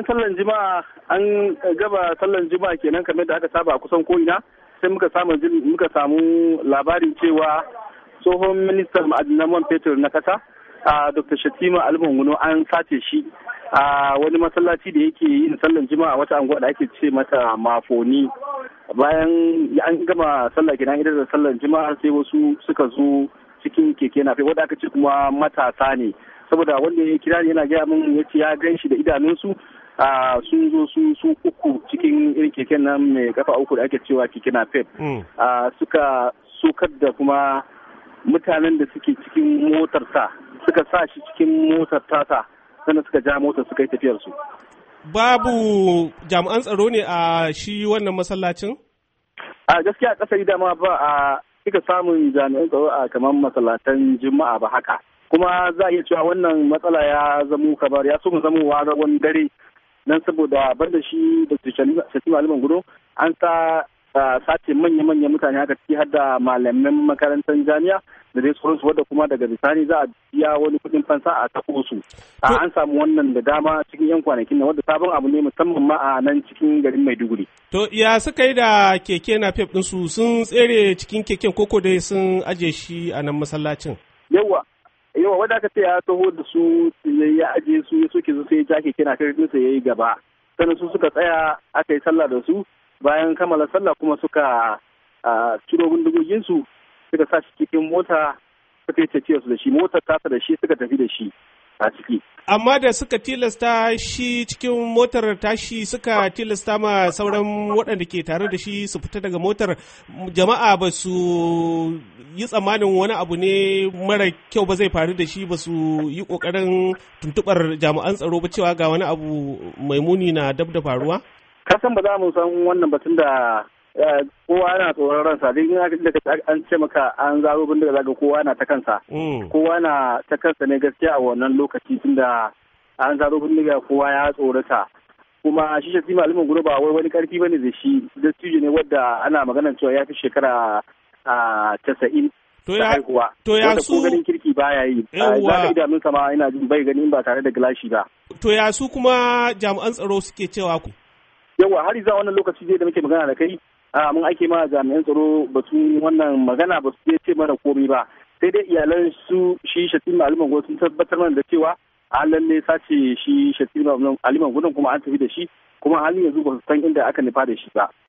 bayan sallan jima'a an gaba sallan jima'a kenan kamar da aka saba a kusan ko'ina sai muka samu muka samu labarin cewa tsohon ministan ma'adinan man fetur na kasa a dr shatima an sace shi a wani masallaci da yake yin sallan jima'a wata anguwa da ake ce mata mafoni bayan an gama sallah kenan idan da sallan jima'a sai wasu suka zo cikin keke nafe wanda aka ce kuma matasa ne saboda wanda ya kira yana gaya min ya ce ya gan shi da idanunsu sun zo su su uku cikin irin keken nan mai kafa uku da ake cewa keke na pep mm. suka sokar da kuma mutanen da suke cikin motar sa suka sa shi cikin motar tata sannan suka ja motar suka yi tafiyar su babu jami'an tsaro ne a shi wannan masallacin a gaskiya yi dama ba a kika samun jami'an tsaro a kamar masallatan juma'a ba haka kuma za a iya cewa wannan matsala ya zamo kabar ya soma zamowa wani dare don saboda banda shi da shatima malaman gudu an sa sace manya-manya mutane haka ciki har da malamin makarantar jami'a da dai sauransu wadda kuma daga bisani za a biya wani kuɗin fansa a tako su an samu wannan da dama cikin yan kwanakin nan wadda sabon abu ne musamman ma a nan cikin garin maiduguri to ya suka yi da keke na fef su sun tsere cikin keken koko dai sun aje shi a nan masallacin yawa yawa wanda aka ce ya taho da su ya aje su ya soke su sai ya jake kina karfin ya yayi gaba sannan su suka tsaya aka yi sallah da su bayan kammala sallah kuma suka ciro bindigogin su suka sa shi cikin mota suka yi tafiya su da shi motar tasa da shi suka tafi da shi Amma da suka tilasta shi cikin motar tashi suka tilasta ma sauran waɗanda ke tare da shi su fita daga motar jama'a ba su yi tsammanin wani abu ne mara kyau ba zai faru da shi ba su yi ƙoƙarin tuntuɓar jami'an tsaro ba cewa ga wani abu mai muni na dab da faruwa? Kasan ba za mu san wannan batun da Eh, kowa na tsoron ransa duk in da an ce maka an zaro bindiga zaga kowa na ta kansa mm. kowa na ta kansa ne gaskiya a wannan lokaci tunda an zaro bindiga kowa ya tsorata kuma shi shi malumin gudu ba wai wani karfi bane da shi dattijo ne wadda ana magana cewa ya fi shekara a casa'in to ya to ya su ganin kirki baya yi eh, za ka idanunsa sama ina jin bai ganin ba tare da gilashi ba to ya su kuma jami'an tsaro suke cewa ku yawa har za wannan lokaci zai da muke magana da kai mun ake ma jami'an tsaro ba su wannan magana ba su ce mana komai ba sai dai iyalan su shi shatin aliman gudun sun tabbatar mana da cewa halin lalle sace shi shatin aliman gudun kuma an tafi da shi kuma halin yanzu ba su san inda aka nufa da shi ba